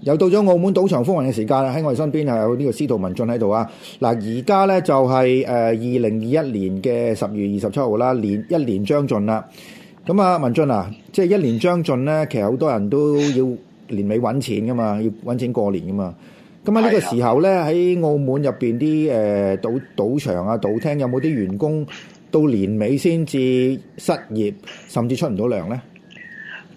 又到咗澳門賭場風雲嘅時間啦，喺我哋身邊又有呢個司徒文進喺度啊！嗱，而家咧就係誒二零二一年嘅十月二十七號啦，年一年將盡啦。咁啊，文進啊，即係一年將盡咧，其實好多人都要年尾搵錢噶嘛，要搵錢過年噶嘛。咁啊，呢個時候咧喺澳門入邊啲誒賭賭場啊、賭廳有冇啲員工到年尾先至失業，甚至出唔到糧咧？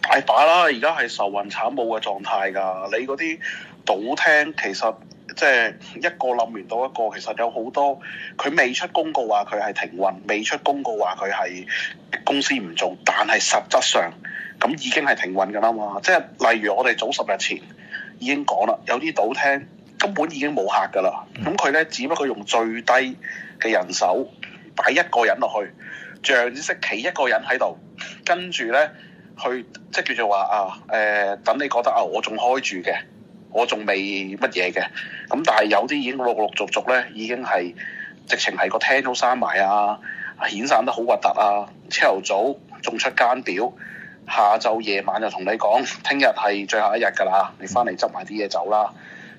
大把啦，而家係愁雲慘霧嘅狀態㗎。你嗰啲賭廳其實即係一個冧完到一個，其實有好多佢未出公告話佢係停運，未出公告話佢係公司唔做，但係實質上咁已經係停運㗎啦嘛。即係例如我哋早十日前已經講啦，有啲賭廳根本已經冇客㗎啦。咁佢咧只不過用最低嘅人手擺一個人落去，象式企一個人喺度，跟住咧。去即係叫做話啊，誒、呃、等你覺得啊，我仲開住嘅，我仲未乜嘢嘅，咁但係有啲已經陸陸續續咧，已經係直情係個廳都閂埋啊，遣散得好核突啊，朝頭早仲出間表，下晝夜晚就同你講，聽日係最後一日㗎啦，你翻嚟執埋啲嘢走啦。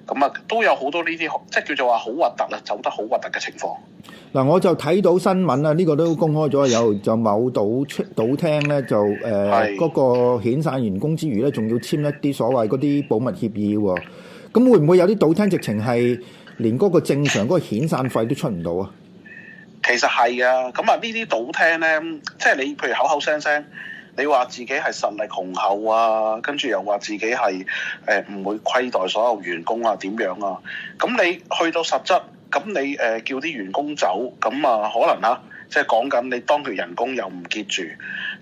咁啊，都有好多呢啲，即係叫做話好核突啦，走得好核突嘅情況。嗱，我就睇到新聞啦，呢、呢個都公開咗，有就某賭賭廳咧，就誒嗰、呃、是個遣散員工之餘咧，仲要簽一啲所謂嗰啲保密協議喎。咁會唔會有啲賭廳直情係連嗰個正常嗰個遣散費都出唔到啊？其實係啊，咁啊，呢啲賭廳咧，即係你譬如口口聲聲。你話自己係實力雄厚啊，跟住又話自己係誒唔會虧待所有員工啊，點樣啊？咁、嗯、你去到實質，咁、嗯、你誒、呃、叫啲員工走，咁、嗯、啊可能啊。即係講緊你當佢人工又唔結住，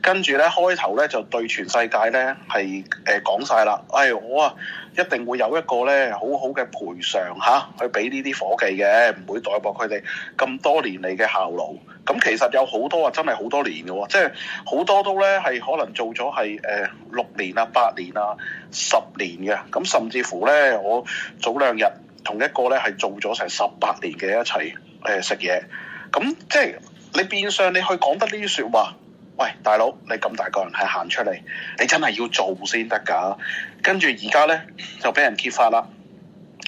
跟住咧開頭咧就對全世界咧係誒講晒啦。誒、哎、我啊一定會有一個咧好好嘅賠償嚇，去俾呢啲伙計嘅，唔會代薄佢哋咁多年嚟嘅效勞。咁其實有好多啊，真係好多年嘅喎，即係好多都咧係可能做咗係誒六年啊、八年啊、十年嘅。咁甚至乎咧，我早兩日同一個咧係做咗成十八年嘅一齊誒食嘢，咁、呃、即係。你變相你去講得呢啲説話，喂，大佬，你咁大個人係行出嚟，你真係要做先得㗎。跟住而家咧就俾人揭發啦。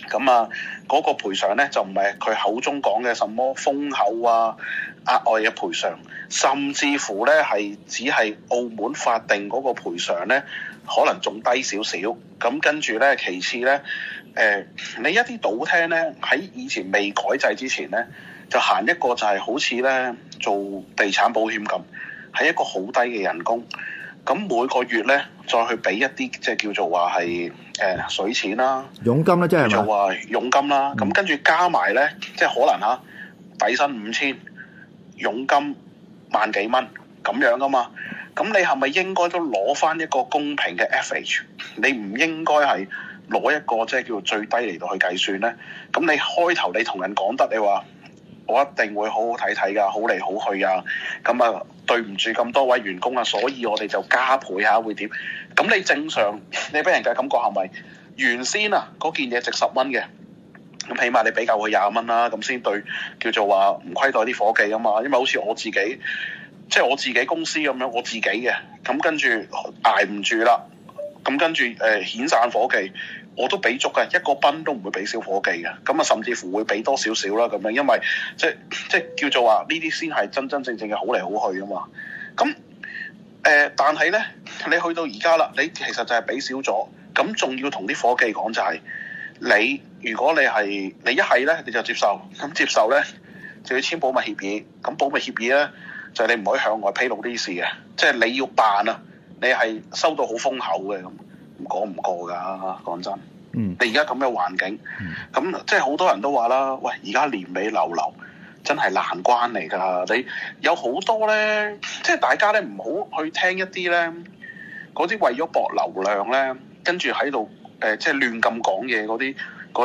咁啊，嗰個賠償咧就唔係佢口中講嘅什麼封口啊，額外嘅賠償，甚至乎咧係只係澳門法定嗰個賠償咧，可能仲低少少。咁跟住咧，其次咧，誒、呃，你一啲賭廳咧喺以前未改制之前咧，就行一個就係好似咧。做地產保險咁，係一個好低嘅人工。咁每個月咧，再去俾一啲即係叫做話係誒水錢啦、佣金咧、嗯，即係做話佣金啦。咁跟住加埋咧，即係可能嚇底薪五千，佣金萬幾蚊咁樣㗎嘛。咁你係咪應該都攞翻一個公平嘅 FH？你唔應該係攞一個即係叫做最低嚟到去計算咧。咁你開頭你同人講得你話？我一定會好好睇睇㗎，好嚟好去啊！咁、嗯、啊，對唔住咁多位員工啊，所以我哋就加倍吓會點？咁你正常你俾人嘅感覺係咪原先啊嗰件嘢值十蚊嘅？咁起碼你俾夠佢廿蚊啦，咁先對叫做話唔虧待啲伙計啊嘛！因為好似我自己，即係我自己公司咁樣，我自己嘅咁、嗯、跟住捱唔住啦，咁、嗯、跟住誒遣散伙計。我都俾足嘅，一個賓都唔會俾小伙計嘅，咁、嗯、啊甚至乎會俾多少少啦咁樣，因為即即叫做話呢啲先係真真正正嘅好嚟好去啊嘛。咁、嗯、誒、呃，但係咧，你去到而家啦，你其實就係俾少咗，咁、嗯、仲要同啲伙計講就係、是、你，如果你係你一係咧，你就接受，咁、嗯、接受咧就要簽保密協議，咁、嗯、保密協議咧就係、是、你唔可以向外披露啲事嘅，即係你要辦啊，你係收到好封口嘅咁。唔講唔過噶，講真，嗯、你而家咁嘅環境，咁、嗯、即係好多人都話啦，喂，而家年尾流流真係難關嚟噶，你有好多咧，即係大家咧唔好去聽一啲咧，嗰啲為咗博流量咧，跟住喺度誒，即係亂咁講嘢嗰啲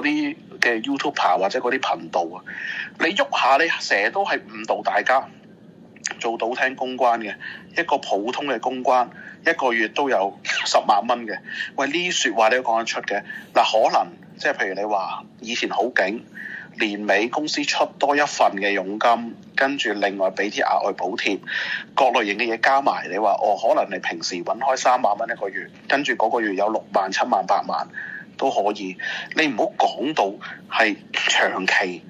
啲嘅 YouTuber 或者嗰啲頻道啊，你喐下你成日都係誤導大家。做賭廳公關嘅一個普通嘅公關，一個月都有十萬蚊嘅。喂，呢啲説話你都講得出嘅。嗱、啊，可能即係譬如你話以前好勁，年尾公司出多一份嘅佣金，跟住另外俾啲額外補貼，各類型嘅嘢加埋，你話哦，可能你平時揾開三萬蚊一個月，跟住嗰個月有六萬七萬八萬都可以。你唔好講到係長期。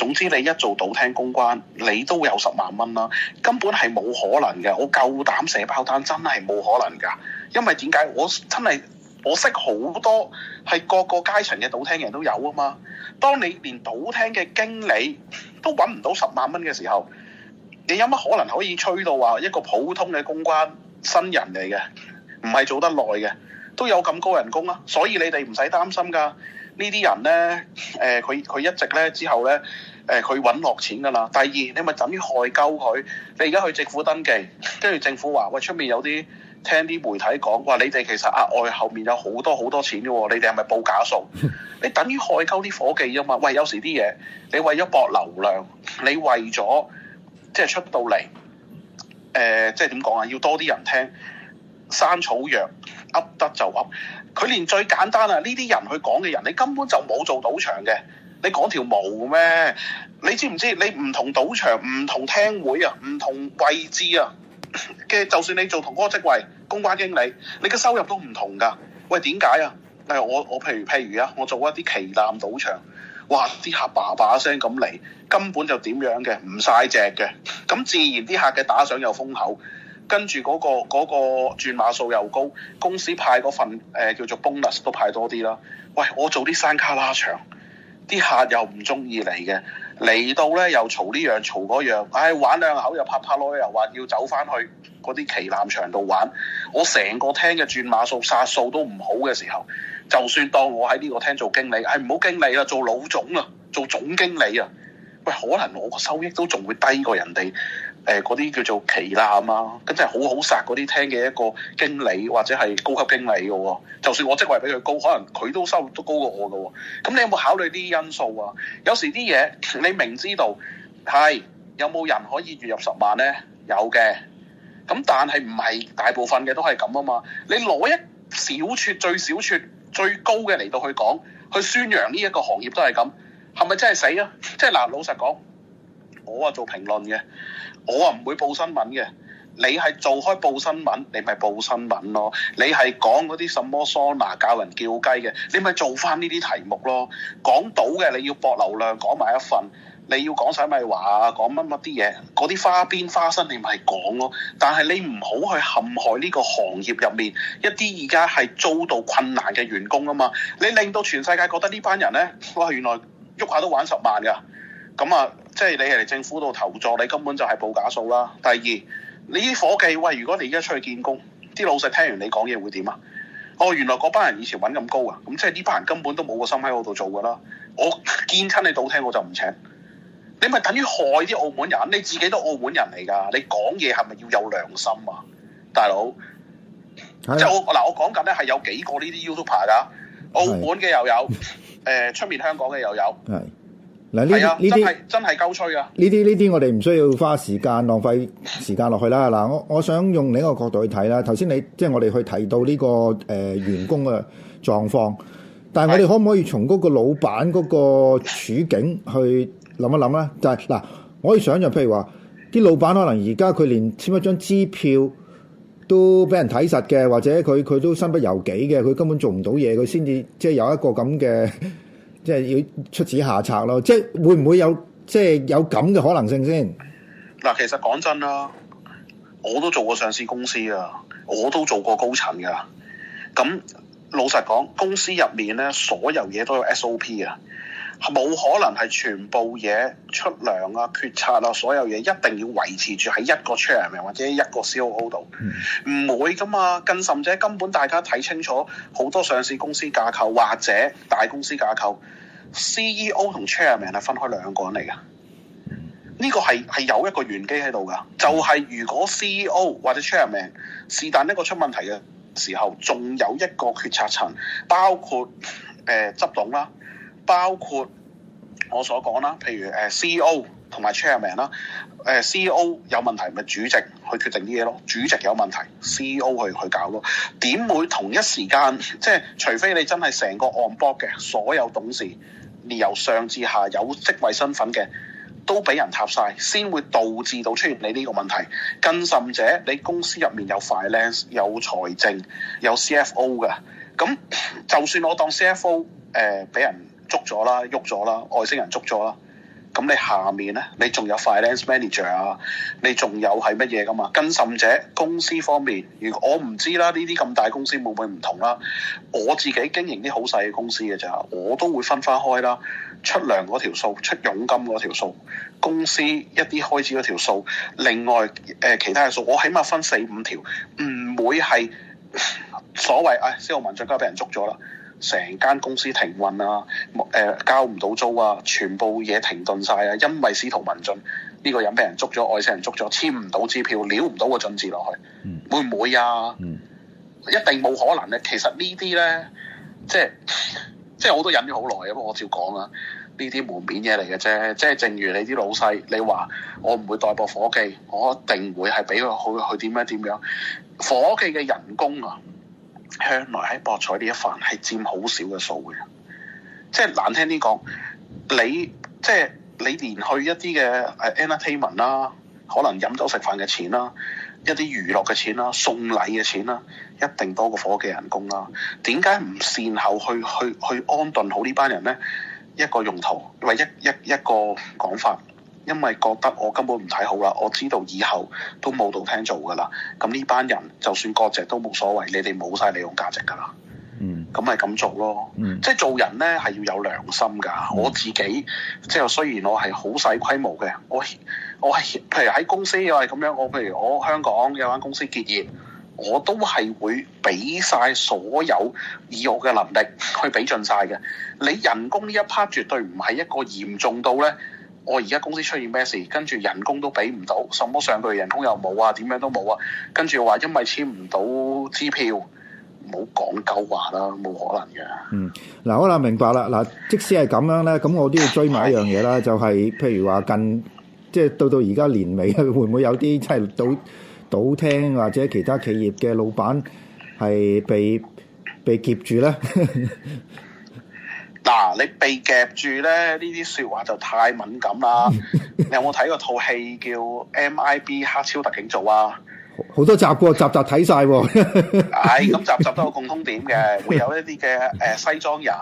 總之，你一做賭廳公關，你都有十萬蚊啦，根本係冇可能嘅。我夠膽寫包單，真係冇可能噶。因為點解我真係我識好多係各個階層嘅賭廳人都有啊嘛。當你連賭廳嘅經理都揾唔到十萬蚊嘅時候，你有乜可能可以吹到話一個普通嘅公關新人嚟嘅？唔係做得耐嘅都有咁高人工啊！所以你哋唔使擔心噶。呢啲人呢，誒佢佢一直呢之後呢。誒佢揾落錢㗎啦。第二，你咪等於害鳩佢。你而家去政府登記，跟住政府話：喂，出面有啲聽啲媒體講話、啊，你哋其實額外後面有好多好多錢嘅喎。你哋係咪報假數？你等於害鳩啲伙計啊嘛。喂，有時啲嘢你為咗博流量，你為咗即係出到嚟，誒，即係點講啊？要多啲人聽，生草藥噏得就噏。佢連最簡單啊，呢啲人去講嘅人，你根本就冇做賭場嘅。你講條毛咩？你知唔知？你唔同賭場，唔同廳會啊，唔同位置啊嘅。 就算你做同嗰個職位，公關經理，你嘅收入都唔同噶。喂，點解啊？誒，我我譬如譬如啊，我做一啲旗艦賭場，哇！啲客爸爸聲咁嚟，根本就點樣嘅，唔晒隻嘅。咁自然啲客嘅打賞又豐厚。跟住嗰個嗰、嗰個轉碼數又高，公司派嗰份誒、呃、叫做 bonus 都派多啲啦。喂，我做啲山卡拉場。啲客又唔中意嚟嘅，嚟到咧又嘈呢樣嘈嗰樣，唉、哎、玩兩口又拍拍攞，又話要走翻去嗰啲旗艦場度玩。我成個廳嘅轉碼數殺數都唔好嘅時候，就算當我喺呢個廳做經理，唉，唔好經理啦，做老總啊，做總經理啊，喂，可能我個收益都仲會低過人哋。誒嗰啲叫做奇難啊，咁即係好好殺嗰啲廳嘅一個經理或者係高級經理嘅喎、哦，就算我職位比佢高，可能佢都收入都高過我嘅喎、哦。咁你有冇考慮啲因素啊？有時啲嘢你明知道係有冇人可以月入十萬呢？有嘅，咁但係唔係大部分嘅都係咁啊嘛？你攞一小撮最少撮最高嘅嚟到去講，去宣揚呢一個行業都係咁，係咪真係死啊？即係嗱，老實講。我啊做評論嘅，我啊唔會報新聞嘅。你係做開報新聞，你咪報新聞咯。你係講嗰啲什麼桑拿教人叫雞嘅，你咪做翻呢啲題目咯。講到嘅你要博流量，講埋一份，你要講曬米華，講乜乜啲嘢，嗰啲花邊花生你咪講咯。但係你唔好去陷害呢個行業入面一啲而家係遭到困難嘅員工啊嘛。你令到全世界覺得呢班人咧，哇原來喐下都玩十萬㗎。咁啊，即係你係嚟政府度投助，你根本就係報假數啦。第二，你啲伙計，喂，如果你而家出去見工，啲老細聽完你講嘢會點啊？哦，原來嗰班人以前揾咁高啊，咁、嗯、即係呢班人根本都冇個心喺我度做噶啦。我見親你到聽，我就唔請。你咪等於害啲澳門人，你自己都澳門人嚟㗎，你講嘢係咪要有良心啊，大佬？即係的我嗱，我講緊咧係有幾個呢啲 YouTuber 㗎，澳門嘅又有，誒出是的、 呃、面香港嘅又有。嗱呢呢啲真係真係鳩吹啊！呢啲呢啲我哋唔需要花時間浪費時間落去啦。嗱，我我想用另一個角度去睇啦。頭先你即係我哋去提到呢，這個誒、呃、員工嘅狀況，但係我哋可唔可以從嗰個老闆嗰個處境去諗一諗咧？就係、是、嗱，我可以想象，譬如話啲老闆可能而家佢連簽一張支票都俾人睇實嘅，或者佢佢都身不由己嘅，佢根本做唔到嘢，佢先至即係有一個咁嘅。即係要出此下策咯，即係會唔會有即係有咁嘅可能性先？嗱，其實講真啦，我都做過上市公司啊，我都做過高層噶。咁老實講，公司入面咧，所有嘢都有 SOP 啊。冇可能係全部嘢出糧啊、決策啊、所有嘢一定要維持住喺一個 chairman 或者一個 COO 度，唔、嗯、會噶嘛。更甚者，根本大家睇清楚，好多上市公司架構或者大公司架構，CEO 同 chairman 係分開兩個人嚟嘅。呢、嗯、個係係有一個玄機喺度噶，就係、是、如果 CEO 或者 chairman 是但一個出問題嘅時候，仲有一個決策層，包括誒執、呃、董啦。包括我所講啦，譬如誒 CEO 同埋 Chairman 啦，誒 CEO 有問題咪主席去決定啲嘢咯，主席有問題 CEO 去去搞咯，點會同一時間，即係除非你真係成個 on board 嘅所有董事你由上至下有職位身份嘅都俾人塌晒，先會導致到出現你呢個問題，更甚者，你公司入面有 Finance、有財政、有 CFO 嘅，咁就算我當 CFO 誒、呃、俾人。捉咗啦，喐咗啦，外星人捉咗啦。咁你下面咧，你仲有 finance manager 啊，你仲有係乜嘢㗎嘛？更甚者公司方面，如果我唔知啦。呢啲咁大公司會唔會唔同啦？我自己經營啲好細嘅公司嘅咋，我都會分翻開啦。出糧嗰條數、出佣金嗰條數、公司一啲開支嗰條數，另外誒、呃、其他嘅數，我起碼分四五條，唔會係所謂啊，司徒文進今日俾人捉咗啦。成間公司停運啊，誒、呃、交唔到租啊，全部嘢停頓晒啊！因為司徒文進呢個人俾人捉咗，外星人捉咗，簽唔到支票，攣唔到個進資落去，會唔會啊？嗯、一定冇可能咧。其實呢啲咧，即係即係我都忍咗好耐，啊。不過我照講啊，呢啲門面嘢嚟嘅啫。即係正如你啲老細，你話我唔會代駕伙計，我一定會係俾佢去嘅佢點樣點樣。伙計嘅人工啊！向來喺博彩呢一份係佔好少嘅數嘅，即係難聽啲講，你即係你連去一啲嘅誒 entertainment 啦，可能飲酒食飯嘅錢啦，一啲娛樂嘅錢啦，送禮嘅錢啦，一定多過伙計人工啦。點解唔善後去去去安頓好呢班人咧？一個用途，或一一一個講法。因為覺得我根本唔睇好啦，我知道以後都冇到廳做㗎喇。咁呢班人就算割席都冇所謂，你哋冇晒利用價值㗎喇。嗯，咁咪咁做咯。嗯，即係做人咧係要有良心㗎。嗯、我自己即係雖然我係好細規模嘅，我我係譬如喺公司又係咁樣，我譬如我香港有間公司結業，我都係會俾晒所有以我嘅能力去俾盡晒嘅。你人工呢一 part 絕對唔係一個嚴重到咧。我而家公司出現咩事，跟住人工都俾唔到，什麼上個月人工又冇啊，點樣都冇啊，跟住話因為簽唔到支票，冇好講夠話啦，冇可能嘅。嗯，嗱，好啦，明白啦，嗱，即使係咁樣咧，咁我都要追埋一樣嘢啦，就係、是、譬如話近，即係到到而家年尾，會唔會有啲即係賭賭廳或者其他企業嘅老闆係被被劫住咧？ 嗱、啊，你被夾住咧，呢啲說話就太敏感啦。 你有冇睇過套戲叫 MIB 黑超特警組啊？好多集過，集集睇晒。啊。係 咁、哎嗯，集集都有共通點嘅，會有一啲嘅誒西裝人，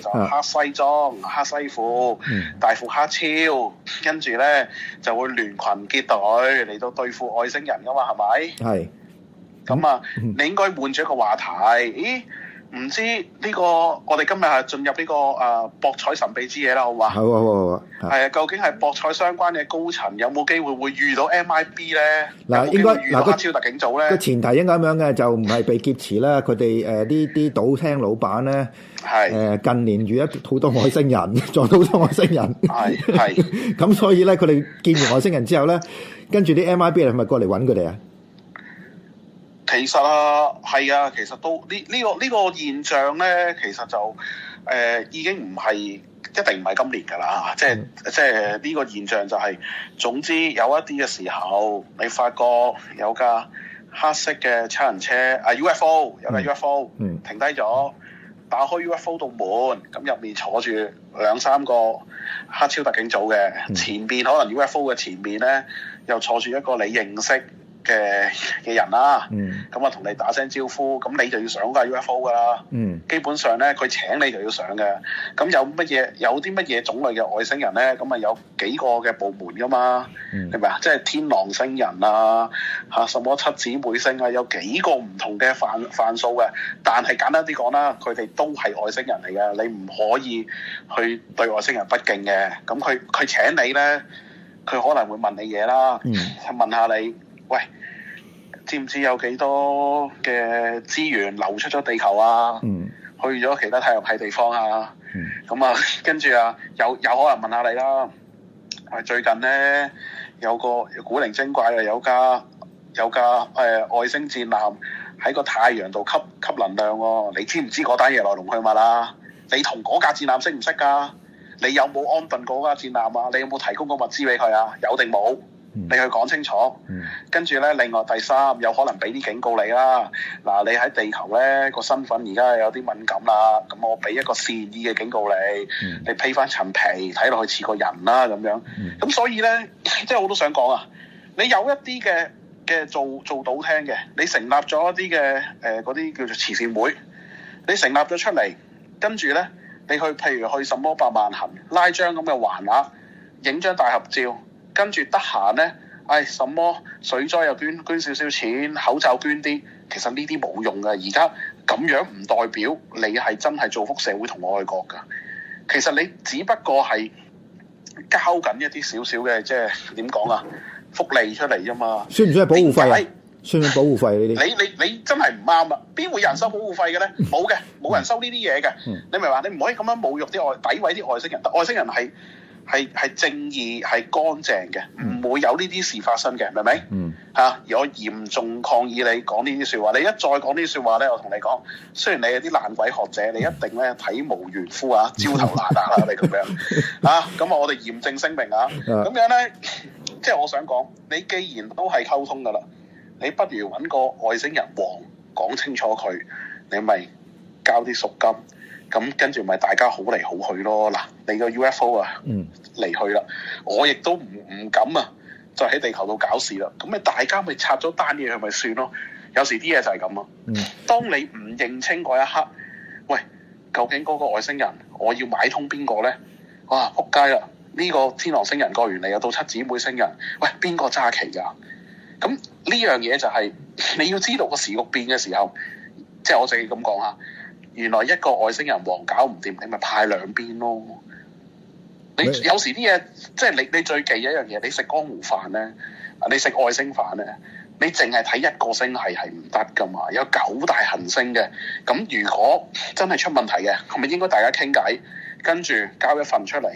就是，黑西裝、 黑西褲、大副黑超，跟住咧就會聯群結隊嚟到對付外星人噶嘛，係咪？係是。咁啊， 你應該換咗一個話題。咦？唔知呢、這個我哋今日係進入呢、這個誒、啊、博彩神秘之嘢啦，好唔好？好是，好是，好是，係啊！究竟係博彩相關嘅高層有冇機會會遇到 MIB 咧？嗱，應該黑超特警組咧個前提應該咁樣嘅，就唔係被劫持啦。佢哋誒啲啲賭廳老闆咧，係、呃、誒 是近年遇咗好多外星人，撞到好多外星人，係係咁， 所以咧佢哋見完外星人之後咧，跟住啲 MIB 係咪過嚟揾佢哋啊？其實啊，係啊，其實都呢呢、這個呢、這個現象咧，其實就誒、呃、已經唔係一定唔係今年㗎啦，即係、mm. 即係呢、這個現象就係、是、總之有一啲嘅時候，你發覺有架黑色嘅七人車啊、呃、UFO 有架 UFO、mm. 停低咗，打開 UFO 道門，咁入面坐住兩三個黑超特警組嘅，mm. 前面可能 UFO 嘅前面咧又坐住一個你認識。嘅嘅人啦、啊，咁我同你打聲招呼，咁你就要上架 UFO 噶啦。嗯、基本上咧，佢請你就要上嘅。咁有乜嘢？有啲乜嘢種類嘅外星人咧？咁啊有幾個嘅部門噶嘛？係咪啊？即係天狼星人啊，嚇、啊、什麼七姊妹星啊？有幾個唔同嘅範範疇嘅，但係簡單啲講啦，佢哋都係外星人嚟嘅，你唔可以去對外星人不敬嘅。咁佢佢請你咧，佢可能會問你嘢啦，嗯、問下你。喂，知唔知有幾多嘅資源流出咗地球啊？嗯，去咗其他太陽系地方啊？咁、嗯、啊，跟住啊，有有可能問下你啦。喂，最近咧有個古靈精怪啊，有架有架誒、呃、外星戰艦喺個太陽度吸吸能量、啊。你知唔知嗰單嘢來龍去脈啊？你同嗰架戰艦識唔識有有啊？你有冇安分嗰架戰艦啊？你有冇提供個物資俾佢啊？有定冇？你去講清楚，跟住咧，另外第三有可能俾啲警告你啦。嗱，你喺地球咧個身份而家有啲敏感啦，咁我俾一個善意嘅警告你，嗯、你披翻層皮，睇落去似個人啦咁樣。咁、嗯、所以咧，即係我都想講啊，你有一啲嘅嘅做做賭廳嘅，你成立咗一啲嘅誒嗰啲叫做慈善會，你成立咗出嚟，跟住咧，你去譬如去什麼百萬行拉張咁嘅橫額，影張大合照。.跟住得閒呢，唉、哎，什麼水災又捐捐少少錢，口罩捐啲，其實呢啲冇用嘅。而家咁樣唔代表你係真係造福社會同外國噶。其實你只不過係交緊一啲少少嘅，即係點講啊？福利出嚟啫嘛。算唔算係保護費啊？你算保護費呢啲你你你，你真係唔啱啊！邊會有人收保護費嘅呢？冇嘅，冇人收呢啲嘢嘅。你明嘛？你唔可以咁樣侮辱啲外、詆毀啲外星人。外星人係。係係正義係乾淨嘅，唔、嗯、會有呢啲事發生嘅，明唔明？嚇、嗯！我嚴、啊、重抗議你講呢啲説話，你一再講呢啲説話咧，我同你講，雖然你係啲爛鬼學者，你一定咧體無完膚啊，焦頭爛額啦，你咁樣啊！咁、嗯、我我哋嚴正聲明啊，咁、嗯、樣咧，即係我想講，你既然都係溝通噶啦，你不如揾個外星人王講清楚佢，你咪交啲贖金。咁跟住咪大家好嚟好去咯，嗱，你個 UFO 啊，離去啦，我亦都唔唔敢啊，就喺地球度搞事啦。咁咪大家咪插咗單嘢係咪算咯。有時啲嘢就係咁咯。當你唔認清嗰一刻，喂，究竟嗰個外星人我要買通邊個呢？哇，撲街啦！呢、這個天狼星人過完嚟又到七姊妹星人，喂，邊個揸旗噶？咁呢樣嘢就係、是、你要知道個時局變嘅時候，即係我自己咁講啊！原來一個外星人黃搞唔掂，你咪派兩邊咯。 你有時啲嘢，即係你你最忌一樣嘢，你食江湖飯咧，你食外星飯咧，你淨係睇一個星系係唔得噶嘛。有九大行星嘅，咁如果真係出問題嘅，係咪應該大家傾偈，跟住交一份出嚟，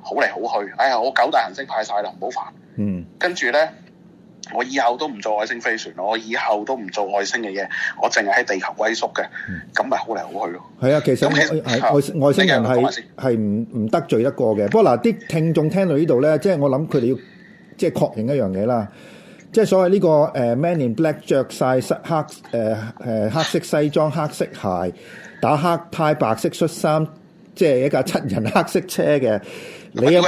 好嚟好去。哎呀，我九大行星派晒啦，唔好煩。嗯，跟住咧。我以後都唔做外星飛船，我以後都唔做外星嘅嘢，我淨係喺地球歸宿嘅，咁咪、嗯、好嚟好去咯。係啊、嗯，那其實咁，外、嗯、外星人係係唔唔得罪得過嘅。不過嗱，啲聽眾聽到呢度咧，即係我諗佢哋要即係確認一樣嘢啦，即係所謂呢個誒 Man in Black 着晒黑誒誒黑色西裝、黑色鞋，打黑呔白色恤衫，即、就、係、是、一架七人黑色車嘅，你有。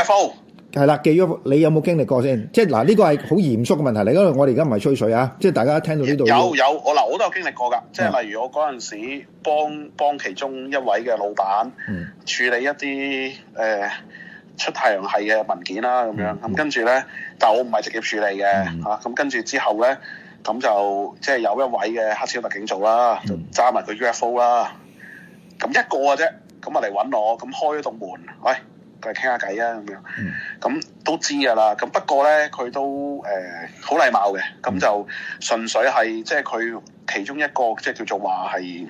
係啦，寄咗你有冇經歷過先？即係嗱，呢個係好嚴肅嘅問題嚟。嗰度我哋而家唔係吹水啊！即係大家聽到呢度有有我嗱，我都有經歷過噶。即係例如我嗰陣時幫幫其中一位嘅老闆、嗯、處理一啲誒、呃、出太陽系嘅文件啦，咁樣咁跟住咧，但我唔係直接處理嘅吓。咁、嗯啊、跟住之後咧，咁就即係有一位嘅黑超特警組啦，嗯、就揸埋佢 UFO 啦。咁一個嘅啫，咁啊嚟搵我，咁開咗棟門，喂、哎。佢傾下偈啊，咁樣，咁都知噶啦。咁不過咧，佢都誒好禮貌嘅，咁就純粹係即係佢其中一個即係叫做話係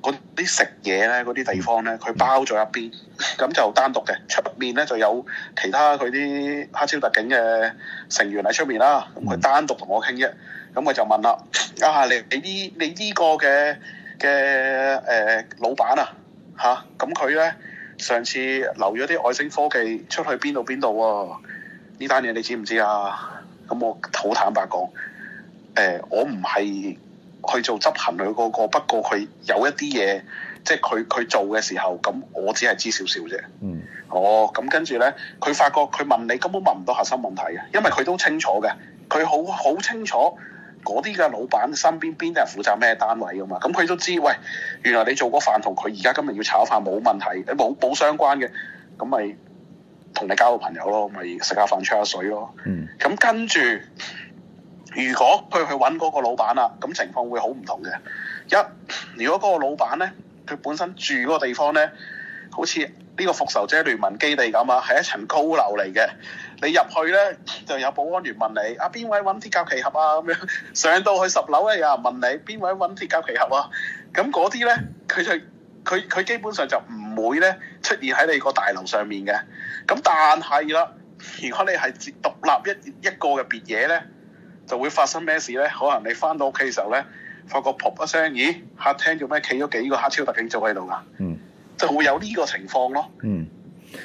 嗰啲食嘢咧，嗰啲地方咧，佢包咗一邊，咁就單獨嘅。出面咧就有其他佢啲黑超特警嘅成員喺出面啦。咁佢單獨同我傾啫。咁佢就問啦：啊，你你呢你呢個嘅嘅誒老闆啊，嚇咁佢咧？上次留咗啲外星科技出去邊度邊度喎？呢單嘢你知唔知啊？咁我好坦白講，誒、呃，我唔係去做執行佢嗰、嗰個，不過佢有一啲嘢，即係佢佢做嘅時候，咁我只係知少少啫。嗯。哦，咁跟住咧，佢發覺，佢問你根本問唔到核心問題嘅，因為佢都清楚嘅，佢好好清楚。嗰啲嘅老闆身邊邊啲人負責咩單位㗎嘛？咁佢都知，喂，原來你做個飯同佢而家今日要炒飯冇問題，你冇冇相關嘅。咁咪同你交個朋友咯，咪食下飯吹下水咯。嗯。咁跟住，如果佢去搵嗰個老闆啦，咁情況會好唔同嘅。一，如果嗰個老闆咧，佢本身住嗰個地方咧，好似呢個復仇者聯盟基地咁啊，係一層高樓嚟嘅。你入去咧，就有保安員問你啊，邊位揾鐵甲奇俠啊。咁樣上到去十樓咧，有人問你邊位揾鐵甲奇俠啊。咁嗰啲咧，佢就佢佢基本上就唔會咧，出現喺你個大樓上面嘅。咁但係啦，如果你係自獨立一一,一個嘅別嘢咧就會發生咩事咧？可能你翻到屋企嘅時候咧，發覺撲一聲，咦客廳做咩企咗幾個黑超特警坐喺度㗎？嗯，就會有呢個情況咯。嗯，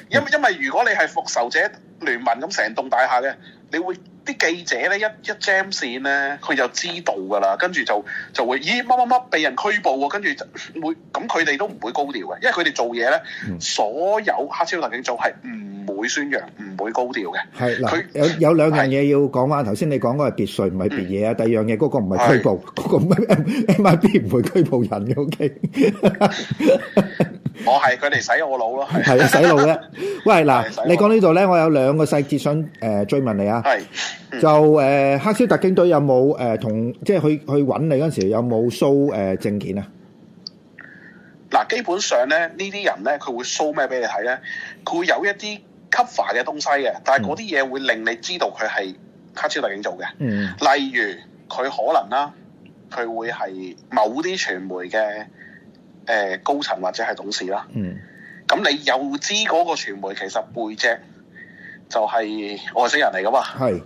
因為因為如果你係復仇者。聯盟咁成棟大廈咧，你會啲記者咧一一 jam 線咧，佢就知道㗎啦。跟住就就會，咦？乜乜乜被人拘捕喎？跟住就會咁，佢哋都唔會高調嘅，因為佢哋做嘢咧，所有黑超特警組係唔會宣揚、唔會高調嘅。係，佢有有兩樣嘢要講啊。頭先你講嗰係別墅，唔係別嘢啊。第二樣嘢嗰個唔係拘捕，嗰個 MIB 唔會拘捕人嘅。OK。我係佢哋洗我腦咯，係是是洗腦咧。 喂，嗱是，你講呢度咧， 我有兩個細節想誒、呃、追問你啊。係、嗯、就誒、呃，黑超特警隊有冇誒同即係去去揾你嗰時有冇 show 誒、呃、證件啊？嗱，基本上咧呢啲人咧，佢會 show 咩俾你睇咧？佢會有一啲 cover 嘅東西嘅，但係嗰啲嘢會令你知道佢係黑超特警做嘅。嗯，例如佢可能啦，佢會係某啲傳媒嘅。誒、呃、高層或者係董事啦，嗯，咁你又知嗰個傳媒其實背脊就係外星人嚟㗎嘛，係是，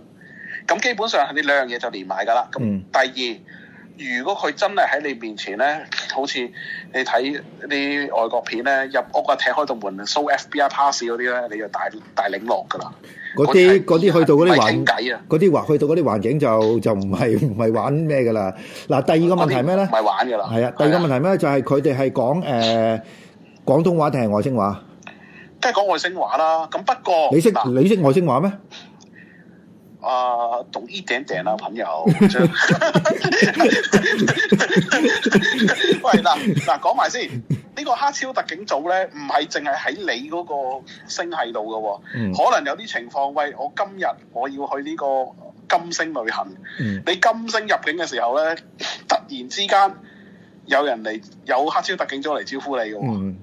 咁基本上係呢兩樣嘢就連埋㗎啦，咁、嗯、第二。如果佢真係喺你面前咧，好似你睇啲外國片咧，入屋啊踢開道門 show FBI pass 嗰啲咧，你就大大領落噶啦！嗰啲啲去到嗰啲環，嗰啲或去到啲環境就就唔係唔係玩咩噶啦！嗱，第二個問題咩咧？唔係玩噶啦！係啊，第二個問題咩、啊？就係佢哋係講誒廣東話定係外星話？梗係講外星話啦。咁不過你識懂、啊、你識外星話咩？啊，同依、uh, 頂，頂頂啊，朋友。 喂，嗱嗱，講埋先，呢、呢個黑超特警組咧，唔係淨係喺你嗰個星系度嘅喎。嗯、可能有啲情況，喂，我今日我要去呢個金星旅行。嗯、你金星入境嘅時候咧，突然之間有人嚟，有黑超特警組嚟招呼你嘅喎、哦。嗯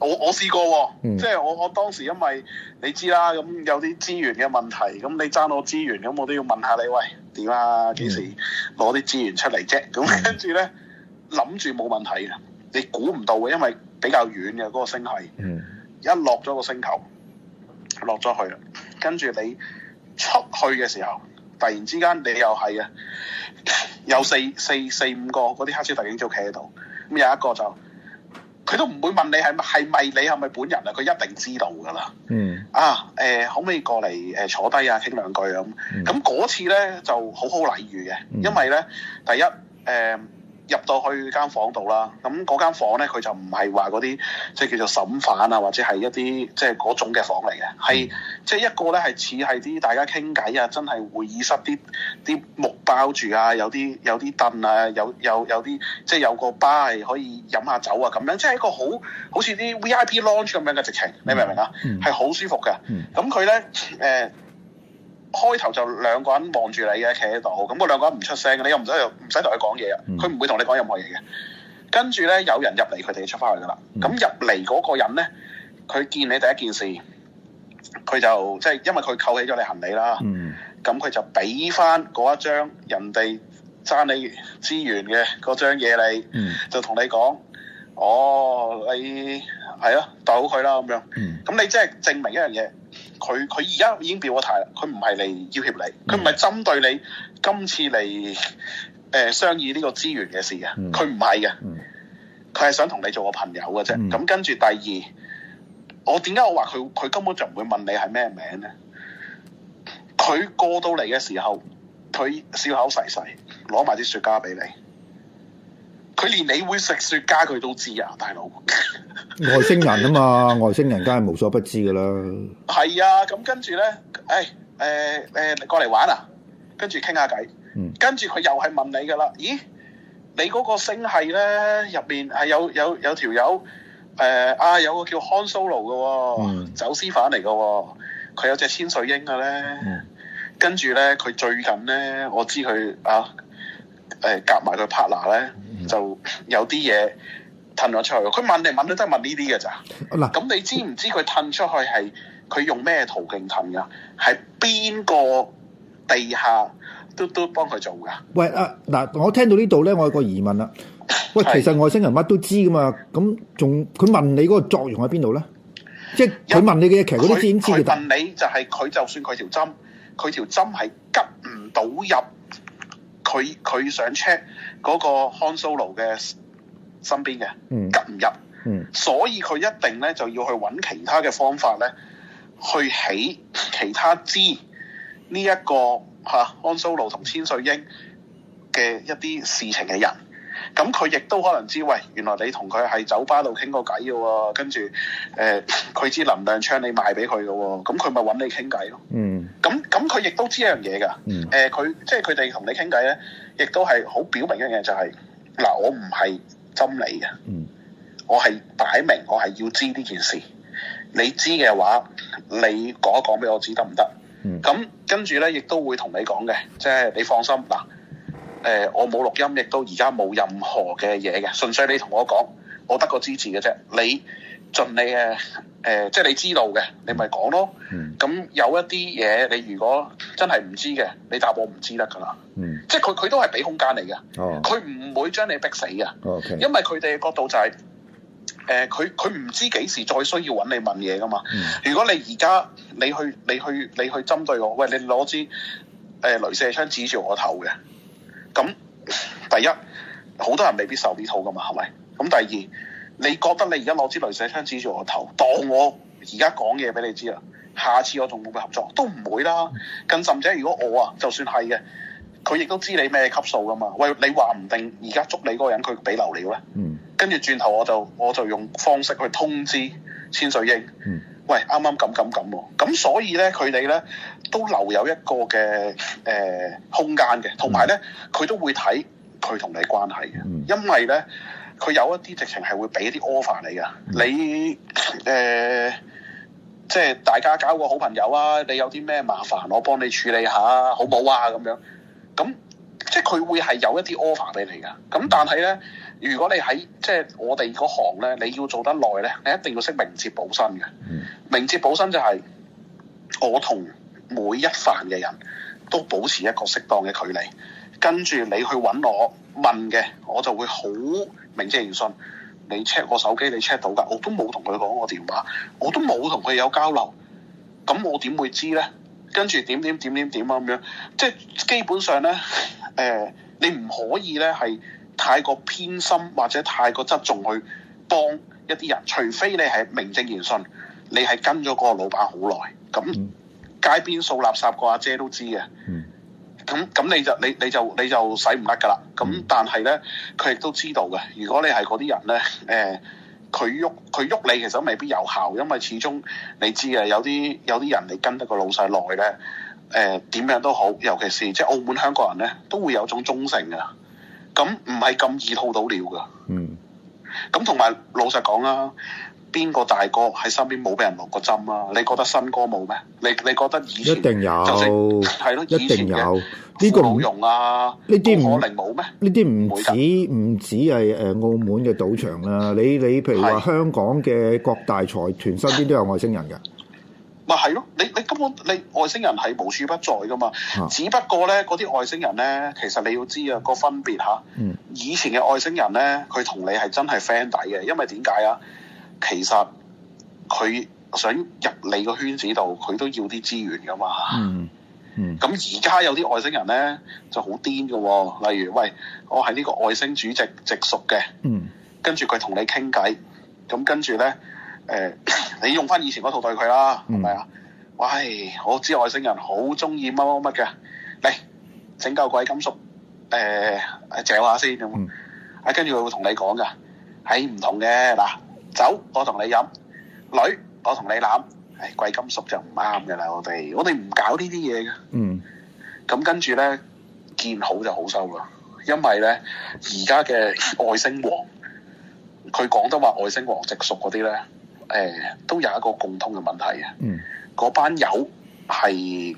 我我試過喎、哦，嗯、即係我我當時因為你知啦，咁有啲資源嘅問題，咁你爭我資源，咁我都要問下你喂點啊？幾時攞啲資源出嚟啫？咁、嗯、跟住咧，諗住冇問題嘅，你估唔到嘅，因為比較遠嘅嗰、嗰個星系，一落咗個星球，落咗去啦。跟住你出去嘅時候，突然之間你又係啊，有四四四五個嗰啲黑超特警組企喺度，咁有一個就。佢都唔會問你係咪係咪你係咪本人啊！佢一定知道噶啦。嗯、mm. 啊誒、呃，可唔可以過嚟誒、呃，坐低啊傾兩句咁？咁嗰、mm. 次咧就好好禮遇嘅，mm. 因為咧第一誒。呃入到去間房度啦，咁嗰間房咧佢就唔係話嗰啲即係叫做審犯啊，或者係一啲即係嗰種嘅房嚟嘅，係即係一個咧係似係啲大家傾偈啊，真係會議室啲啲木包住啊，有啲有啲凳啊，有有有啲即係有個吧係可以飲下酒啊咁樣，即係一個好好似啲 V I P lounge 咁樣嘅直情，嗯、你明唔明啊？係好、嗯、舒服嘅，咁佢咧誒。嗯開頭就兩個人望住你嘅，企喺度，咁嗰兩個人唔出聲，你又唔使唔使同佢講嘢啊，佢唔、嗯、會同你講任何嘢嘅。跟住咧，有人入嚟，佢哋出翻去噶啦。咁入嚟嗰個人咧，佢見你第一件事，佢就即係因為佢扣起咗你行李啦，咁佢、嗯、就俾翻嗰一張人哋爭你資源嘅嗰張嘢你、嗯、就同你講，哦，你係咯，帶好佢啦，咁樣。咁、嗯、你即係證明一樣嘢。佢佢而家已經表咗態啦，佢唔係嚟要挾你，佢唔係針對你今次嚟誒、呃、商議呢個資源嘅事嘅，佢唔係嘅，佢係想同你做個朋友嘅啫。咁、mm. 跟住第二，我點解我話佢佢根本就唔會問你係咩名咧？佢過到嚟嘅時候，佢笑口噬噬，攞埋啲雪茄俾你。佢連你會食雪茄，佢都知啊，大佬！ 外星人啊嘛，外星人梗係無所不知噶啦。係 啊，咁跟住咧，誒誒誒，過嚟玩啊！跟住傾下偈，跟住佢又係問你噶啦。咦，你嗰個星系咧入面係有有有條友誒啊，有個叫 Han Solo 嘅、嗯、走私犯嚟嘅、哦，佢有隻千歲鷹嘅咧。嗯、跟住咧，佢最近咧，我知佢啊誒夾埋佢 partner 咧。啊啊就有啲嘢褪咗出嚟，佢問嚟問都係問呢啲嘅咋？嗱、啊，咁你知唔知佢褪出去係佢用咩途徑褪噶？係邊個地下都都幫佢做噶？喂啊，嗱，我聽到呢度咧，我有個疑問啦。喂，其實外星人乜都知噶嘛，咁仲佢問你嗰個作用喺邊度咧？即係佢問你嘅嘢，其實佢都知，知佢，點知問你就係佢，就算佢條針，佢條針係拮唔到入。佢佢想 check 個康蘇盧嘅身邊嘅，嗯，入唔入？嗯，所以佢一定咧就要去揾其他嘅方法咧，去起其他知呢一個吓康蘇盧同千歲英嘅一啲事情嘅人。咁佢亦都可能知，喂，原來你同佢喺酒吧度傾過偈嘅喎，跟住誒，佢、呃、知能量槍你賣俾佢嘅喎，咁佢咪揾你傾偈咯。嗯。咁咁佢亦都知一樣嘢㗎。嗯。佢、呃、即係佢哋同你傾偈咧，亦都係好表明一樣嘢就係、是，嗱、呃，我唔係針你嘅。嗯。我係擺明我係要知呢件事，你知嘅話，你講一講俾我知得唔得？嗯。咁、嗯、跟住咧，亦都會同你講嘅，即係你放心嗱。誒、呃，我冇錄音，亦都而家冇任何嘅嘢嘅。純粹你同我講，我得個支持嘅啫。你盡你嘅誒，即係你知道嘅，你咪講咯。咁有一啲嘢，你如果真係唔知嘅，你答我唔知得㗎啦。嗯、即係佢佢都係俾空間你嘅，佢唔、哦、會將你逼死嘅。哦 okay. 因為佢哋嘅角度就係、是、誒，佢佢唔知幾時再需要揾你問嘢㗎嘛、嗯。如果你而家你去你去你去針對我，喂你攞支誒雷射槍指住我頭嘅。刪咁第一，好多人未必受呢套噶嘛，係咪？咁第二，你覺得你而家攞支雷射槍指住我頭，當我而家講嘢俾你知啦，下次我仲會唔會合作？都唔會啦。更甚至，如果我啊，就算係嘅，佢亦都知你咩級數噶嘛。喂，你話唔定而家捉你嗰個人，佢俾流料咧。嗯。跟住轉頭，我就我就用方式去通知千水英。嗯。喂，啱啱咁咁咁喎，咁、哦、所以咧，佢哋咧都留有一個嘅誒、呃、空間嘅，同埋咧佢都會睇佢同你關係嘅，因為咧佢有一啲直情係會俾啲 offer 你噶，你誒、呃、即係大家搞個好朋友啊，你有啲咩麻煩，我幫你處理下好唔好啊？咁樣咁、嗯、即係佢會係有一啲 offer 俾你噶，咁但係咧，如果你喺即係我哋嗰行咧，你要做得耐咧，你一定要識明哲保身嘅。嗯明哲保身就係我同每一範嘅人都保持一個適當嘅距離，跟住你去揾我問嘅，我就會好名正言順。你 check 我手機，你 check 到㗎，我都冇同佢講我電話，我都冇同佢有交流，咁我點會知呢？跟住點點點點點啊咁樣，即係基本上呢，誒、呃，你唔可以呢係太過偏心或者太過側重去幫一啲人，除非你係名正言順。你係跟咗嗰個老闆好耐，咁街邊掃垃圾個阿姐都知嘅，咁咁你就你你就你就使唔甩噶啦。咁但係咧，佢亦都知道嘅。如果你係嗰啲人咧，誒、呃，佢喐佢喐你，其實未必有效，因為始終你知嘅。有啲有啲人你跟得個老細耐咧，誒、呃、點樣都好，尤其是即係澳門香港人咧，都會有一種忠誠嘅，咁唔係咁易套到料噶。嗯，咁同埋老實講啦。邊個大哥喺身邊冇俾人落個針啊？你覺得新歌冇咩？你，你覺得以前一定有，係咯像、嗯？一定有，呢個冇用啊！呢啲唔可能冇咩？呢啲唔止唔止係誒澳門嘅賭場啊！你，你譬如話香港嘅各大財團身邊都有外星人㗎。咪係咯？你，你根本你外星人係無處不在噶嘛。啊、只不過咧，嗰啲外星人咧，其實你要知啊個分別嚇。嗯、以前嘅外星人咧，佢同你係真係 friend 底嘅，因為點解啊？其實佢想入你個圈子度，佢都要啲資源噶嘛。嗯嗯。咁而家有啲外星人咧，就好癲噶。例如，喂，我係呢個外星主席直屬嘅。嗯。跟住佢同你傾偈，咁跟住咧，誒、呃，你用翻以前嗰套對佢啦，係咪啊？喂，我知外星人好中意乜乜乜嘅，嚟整嚿貴金屬，誒、呃、借下先咁。啊、嗯嗯嗯，跟住佢會同你、哎、不不同你講噶，喺、哎、唔同嘅嗱。酒我同你飲，女我同你攬，誒、哎、貴金屬就唔啱嘅啦，我哋我哋唔搞呢啲嘢嘅。嗯，咁跟住咧見好就好收啦，因為咧而家嘅外星王，佢講得話外星王直屬嗰啲咧，誒、呃、都有一個共通嘅問題嘅。嗯，嗰班友係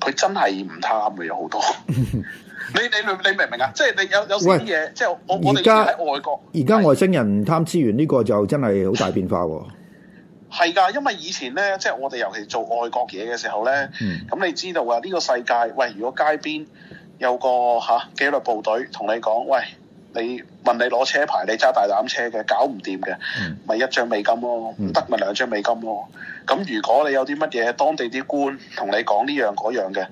佢真係唔貪嘅有好多。嗯 你你你明唔明啊？即係你有有啲嘢，喂即係我在我哋喺外國，而家外星人貪資源呢個就真係好大變化、啊。係噶，因為以前咧，即係我哋尤其做外國嘢嘅時候咧，咁、嗯、你知道啊？呢、這個世界，喂，如果街邊有個嚇、啊、紀律部隊同你講，喂，你問你攞車牌，你揸大膽車嘅，搞唔掂嘅，咪、嗯、一張美金咯、哦，唔得咪、嗯、兩張美金咯、哦。咁如果你有啲乜嘢，當地啲官同你講呢樣嗰樣嘅。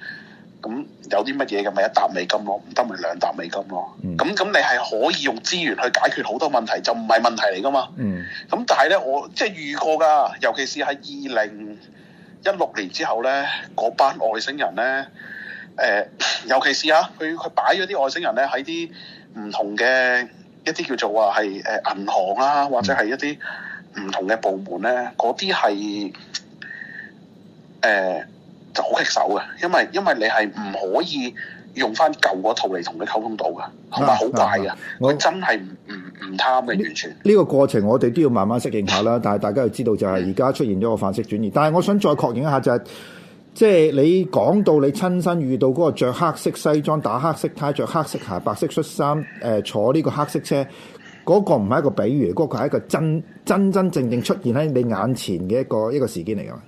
咁有啲乜嘢嘅咪一沓美金咯，唔得咪兩沓美金咯。咁咁你係可以用資源去解決好多問題，就唔係問題嚟噶嘛。咁、嗯、但係咧，我即係遇過噶，尤其是喺二零一六年之後咧，嗰班外星人咧，誒、呃、尤其是吓佢佢擺咗啲外星人咧喺啲唔同嘅一啲叫做話係誒銀行啊，或者係一啲唔同嘅部門咧，嗰啲係誒。呃就好棘手嘅，因為因為你係唔可以用翻舊嗰套嚟同佢溝通到嘅，同埋好怪啊？我真係唔唔唔貪嘅完全。呢個過程我哋都要慢慢適應下啦。但係大家要知道就係而家出現咗個範式轉移。但係我想再確認一下，就係即係你講到你親身遇到嗰個著黑色西裝、打黑色呔、着黑色鞋、白色恤衫、誒坐呢個黑色車，嗰個唔係一個比喻，嗰個係一個真真真正正出現喺你眼前嘅一個一個事件嚟㗎嘛。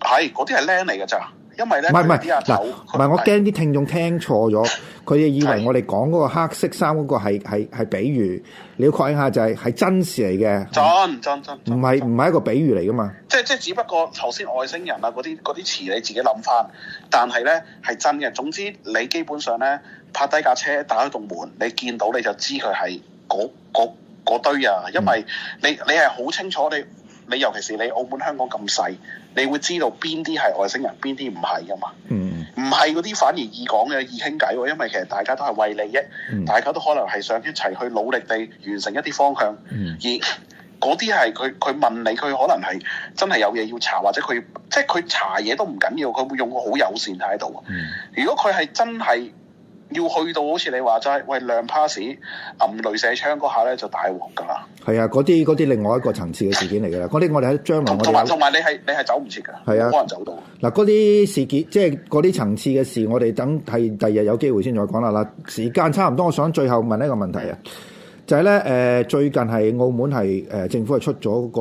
係嗰啲係靚嚟㗎咋？唔係唔係，嗱，唔係我驚啲聽眾聽錯咗，佢哋 以為我哋講嗰個黑色衫嗰個係係比喻。你要確認一下就係、係、係真實嚟嘅，真真真，唔係唔係一個比喻嚟噶嘛。即係即係，只不過頭先外星人啊嗰啲啲詞你自己諗翻，但係咧係真嘅。總之你基本上咧，拍低架車，打開棟門，你見到你就知佢係嗰堆啊，因為你、嗯、你係好清楚你。你尤其是你澳門香港咁細，你會知道邊啲係外星人，邊啲唔係噶嘛？唔係嗰啲反而易講嘅，易傾偈，因為其實大家都係為利益，嗯、大家都可能係想一齊去努力地完成一啲方向。嗯、而嗰啲係佢佢問你，佢可能係真係有嘢要查，或者佢即係佢查嘢都唔緊要，佢會用個好友善態度。嗯、如果佢係真係。要去到好似你話齋，喂，亮 pass，揞雷射槍嗰下咧就大鑊㗎啦。係啊，嗰啲嗰啲另外一個層次嘅事件嚟㗎啦。嗰啲我哋喺將來我有同埋同埋你係你係走唔切㗎，冇人走到。嗱，嗰啲事件即係嗰啲層次嘅事，我哋等係第二日有機會先再講啦。嗱，時間差唔多，我想最後問一個問題啊，就係咧誒最近係澳門係誒政府係出咗個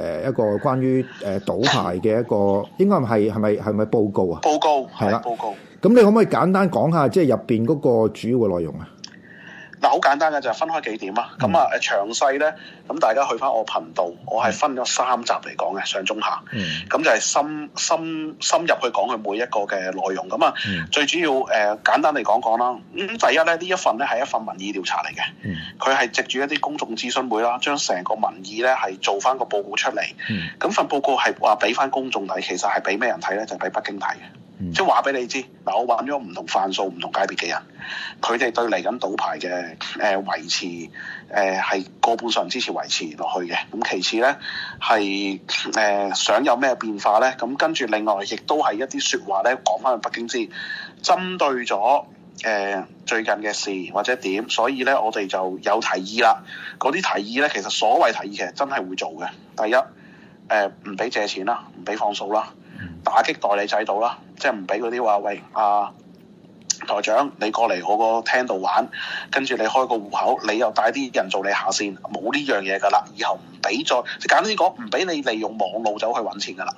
誒一個關於誒賭牌嘅一個，應該唔係係咪係咪報告啊？報告係啦，報告。咁你可唔可以簡單講下，即係入邊嗰個主要嘅內容啊？嗱，好簡單嘅就係、是、分開幾點啊。咁啊、嗯，詳細咧，咁大家去翻我頻道，我係分咗三集嚟講嘅，上中下。咁、嗯、就係深深深入去講佢每一個嘅內容。咁啊，嗯、最主要誒、呃，簡單嚟講講啦。咁、嗯、第一咧，呢一份咧係一份民意調查嚟嘅，佢係、嗯、藉住一啲公眾諮詢會啦，將成個民意咧係做翻個報告出嚟。咁、嗯、份報告係話俾翻公眾睇，其實係俾咩人睇咧？就係俾、是、北京睇嘅。嗯、即係話俾你知，嗱，我玩咗唔同範數、唔同界別嘅人，佢哋對嚟緊賭牌嘅誒、呃、維持誒係過半數人支持維持落去嘅。咁、嗯、其次咧係誒想有咩變化咧？咁、嗯、跟住另外亦都係一啲説話咧講翻去北京先，針對咗誒、呃、最近嘅事或者點，所以咧我哋就有提議啦。嗰啲提議咧，其實所謂提議其實真係會做嘅。第一誒唔俾借錢啦，唔俾放數啦。打擊代理制度啦，即係唔俾嗰啲話，喂啊，台長，你過嚟我個廳度玩，跟住你開個戶口，你又帶啲人做你下線，冇呢樣嘢噶啦，以後唔俾再，簡單啲講唔俾你利用網絡走去揾錢噶啦，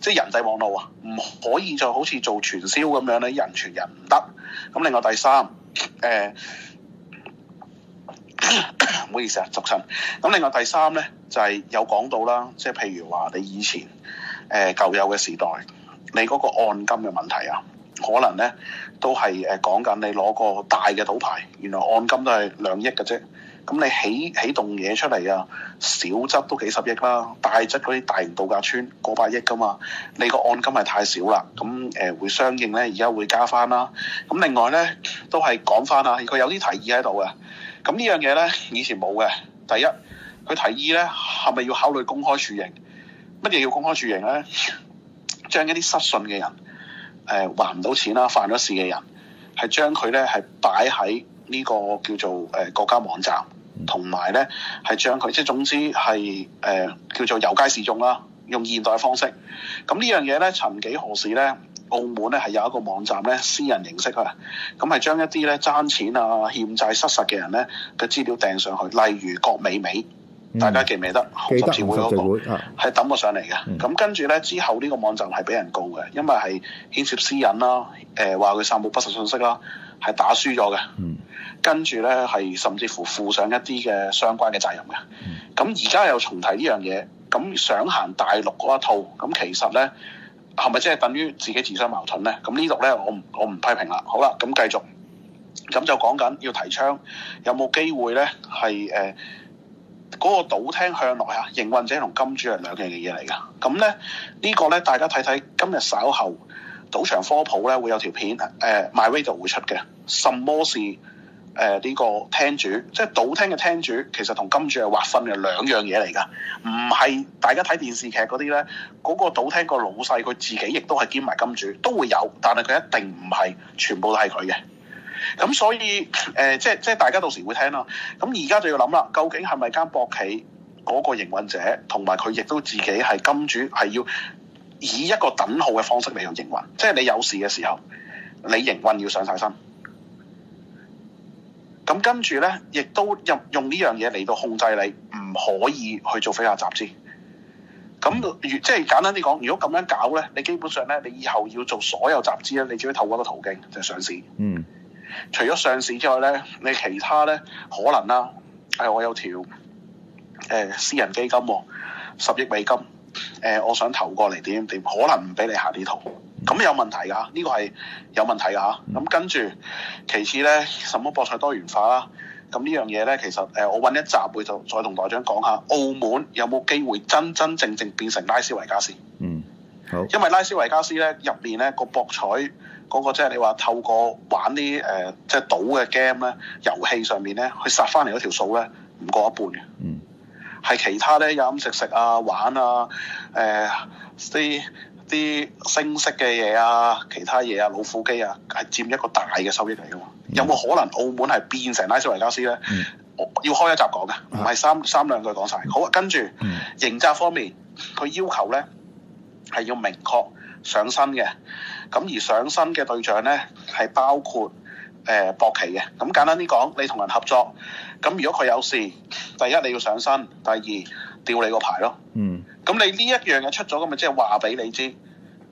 即係人際網絡啊，唔可以再好似做傳銷咁樣咧，人傳人唔得。咁另外第三，誒、呃，唔 好意思啊，俗親。咁另外第三呢，就係有講到啦，即係譬如話你以前。誒、呃、舊有嘅時代，你嗰個按金嘅問題啊，可能咧都係誒講緊你攞個大嘅賭牌，原來按金都係兩億嘅啫，咁你起起棟嘢出嚟啊，少則都幾十億啦，大則嗰啲大型度假村過百億噶嘛，你個按金係太少啦，咁誒、呃、會相應咧而家會加翻啦，咁另外咧都係講翻啊，佢有啲提議喺度嘅，咁呢樣嘢咧以前冇嘅，第一佢提議咧係咪要考慮公開處刑？乜嘢要公開處刑咧？將一啲失信嘅人，誒、呃、還唔到錢啦、犯咗事嘅人，係將佢咧係擺喺呢個叫做誒國家網站，同埋咧係將佢，即係總之係誒、呃、叫做遊街示眾啦，用現代方式。咁、嗯、呢樣嘢咧，曾幾何時咧，澳門咧係有一個網站咧，私人形式啊，咁、嗯、係、嗯、將一啲咧爭錢啊、欠債失實嘅人咧嘅資料掟上去，例如郭美美。大家記唔記得紅十字會嗰個係抌咗上嚟嘅，咁跟住咧之後呢個網站係俾人告嘅，因為係牽涉私隱啦，誒話佢散布不實信息啦，係打輸咗嘅。跟住咧係甚至乎負上一啲嘅相關嘅責任嘅。咁而家又重提呢樣嘢，咁想行大陸嗰一套，咁其實咧係咪即係等於自己自相矛盾咧？咁呢度咧我唔我唔批評啦。好啦，咁繼續，咁就講緊要提倡有冇機會咧係誒。嗰個賭廳向來啊，營運者同金主係兩樣嘅嘢嚟㗎。咁咧，呢個咧，大家睇睇今日稍後賭場科普咧會有條片，誒 MyRadio 會出嘅。什麼是誒呢、呃這個廳主？即係賭廳嘅廳主，其實同金主係劃分嘅兩樣嘢嚟㗎，唔係大家睇電視劇嗰啲咧，嗰、那個賭廳個老細佢自己亦都係兼埋金主，都會有，但係佢一定唔係全部都係佢嘅。咁所以誒、呃，即係即係大家到時會聽啦。咁而家就要諗啦，究竟係咪間博企嗰個營運者同埋佢亦都自己係金主，係要以一個等號嘅方式嚟做營運。即係你有事嘅時候，你營運要上晒身。咁跟住咧，亦都用用呢樣嘢嚟到控制你，唔可以去做非法集資。咁如即係簡單啲講，如果咁樣搞咧，你基本上咧，你以後要做所有集資咧，你只可以透過一個途徑就係、是、上市。嗯。除咗上市之外咧，你其他咧可能啦、啊，誒、哎、我有條誒、呃、私人基金喎、哦，十億美金，誒、呃、我想投過嚟點點點，可能唔俾你下呢套，咁有問題㗎，呢、這個係有問題㗎，咁、啊、跟住其次咧，什麼博彩多元化啦，咁、啊、呢樣嘢咧，其實誒、呃、我揾一集會就再同台長講下，澳門有冇機會真真正，正正變成拉斯維加斯？嗯，好，因為拉斯維加斯咧入面咧個博彩。嗰個即係你話透過玩啲誒、呃、即係賭嘅 game 咧，遊戲上面咧佢殺翻嚟嗰條數咧，唔過一半嘅。嗯，係其他咧飲食食啊、玩啊、誒啲啲聲色嘅嘢啊、其他嘢啊、老虎機啊，係佔一個大嘅收益嚟嘅喎。嗯、有冇可能澳門係變成拉斯維加斯咧？嗯我，要開一集講嘅，唔係三、啊、三,三兩句講晒。好啊，跟住刑、嗯、責方面，佢要求咧係要明確上身嘅。咁而上身嘅對象咧係包括誒博企嘅，咁、呃、簡單啲講，你同人合作，咁如果佢有事，第一你要上身，第二吊你個牌咯。嗯，咁你呢一樣嘢出咗，咁咪即係話俾你知，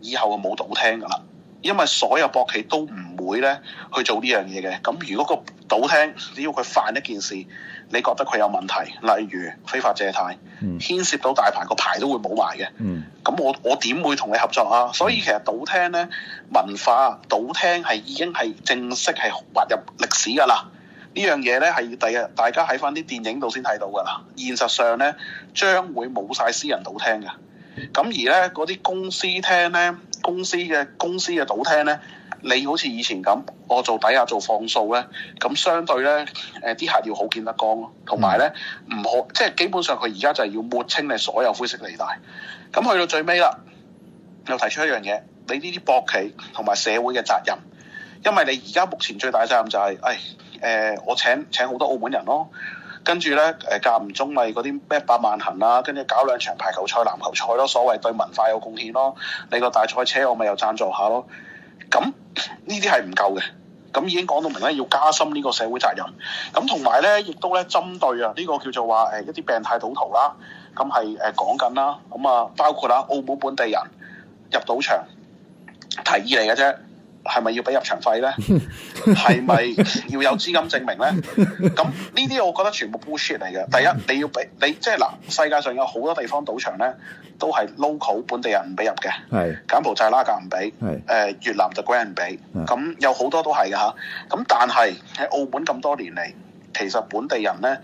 以後冇賭廳㗎啦。因為所有博企都唔會咧去做呢樣嘢嘅，咁如果個賭廳只要佢犯一件事，你覺得佢有問題，例如非法借貸，牽、mm. 涉到大牌，個牌都會冇埋嘅。咁、mm. 我我點會同你合作啊？所以其實賭廳咧文化，賭廳係已經係正式係滑入歷史噶啦。呢樣嘢咧係第日大家喺翻啲電影度先睇到噶啦。現實上咧將會冇晒私人賭廳嘅，咁而咧嗰啲公司廳咧。公司嘅公司嘅賭廳咧，你好似以前咁，我做抵押做放數咧，咁相對咧，誒、呃、啲客要好見得光咯，同埋咧唔好，即係基本上佢而家就係要抹清你所有灰色地帶，咁去到最尾啦，又提出一樣嘢，你呢啲博企同埋社會嘅責任，因為你而家目前最大責任就係、是，誒、哎、誒、呃，我請請好多澳門人咯。跟住咧，誒間唔中咪嗰啲咩百萬行啦，跟住搞兩場排球賽、籃球賽咯，所謂對文化有貢獻咯。你個大賽車我咪又贊助下咯。咁呢啲係唔夠嘅，咁已經講到明啦，要加深呢個社會責任。咁同埋咧，亦都咧針對啊呢個叫做話誒一啲病態賭徒啦，咁係誒講緊啦。咁啊包括啦，澳門本地人入賭場，提議嚟嘅啫。係咪要俾入場費咧？係咪 要有資金證明咧？咁呢啲我覺得全部 bullshit 嚟嘅。第一，你要俾你即係嗱，世界上有好多地方賭場咧，都係 local 本地人唔俾入嘅。係的柬埔寨拉格唔俾。係的、呃、越南就鬼人唔俾。咁的有好多都係嘅嚇。咁但係喺澳門咁多年嚟，其實本地人咧誒、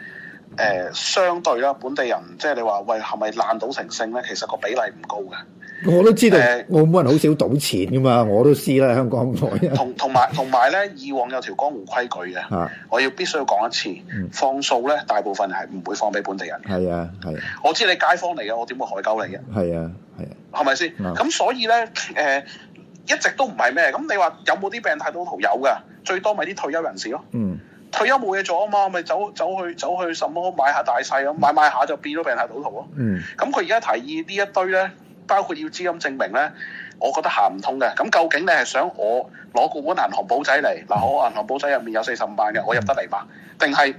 呃，相對啦，本地人即係、就是、你話喂係咪爛賭成性咧？其實個比例唔高嘅。我都知道，澳門、呃、人好少賭錢噶嘛，我都知啦，香港同同埋同埋咧，以往有條江湖規矩嘅，啊、我要必須要講一次，嗯、放數咧，大部分係唔會放俾本地人嘅。啊，係、啊。我知你街坊嚟嘅，我點會海鳩你嘅？係、嗯、啊，係啊。係咪先？咁、嗯、所以咧，誒、呃、一直都唔係咩？咁你話有冇啲病態賭徒有噶？最多咪啲退休人士咯。嗯。退休冇嘢做啊嘛，咪走走去走去什麼買下大細咯，買買下就變咗病態賭徒咯。嗯。咁佢而家提議呢一堆咧。包括要資金證明咧，我覺得行唔通嘅。咁究竟你係想我攞個本銀行簿仔嚟嗱，我銀行簿仔入面有四十五萬嘅，我入得嚟嘛？定係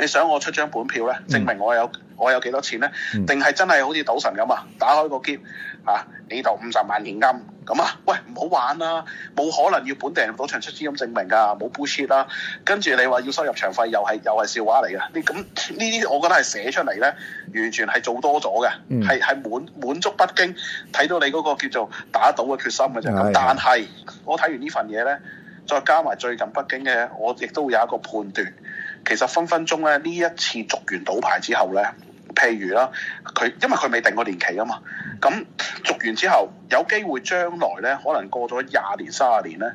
你想我出張本票咧，證明我有我有幾多錢咧？定係真係好似賭神咁啊，打開個喼。啊！你度五十萬現金咁啊？喂，唔好玩啦，冇可能要本地人賭場出資金證明㗎，冇 bullshit 啦。跟住你話要收入場費，又係又係笑話嚟㗎。呢咁呢啲，我覺得係寫出嚟咧，完全係做多咗嘅，係係、嗯、滿滿足北京睇到你嗰個叫做打賭嘅決心嘅啫。咁但係、哎、呀 我睇完份呢份嘢咧，再加埋最近北京嘅，我亦都有一個判斷，其實分分鐘咧呢一次續完賭牌之後咧。譬如啦，佢因為佢未定過年期啊嘛，咁續完之後有機會將來咧，可能過咗廿年卅年咧，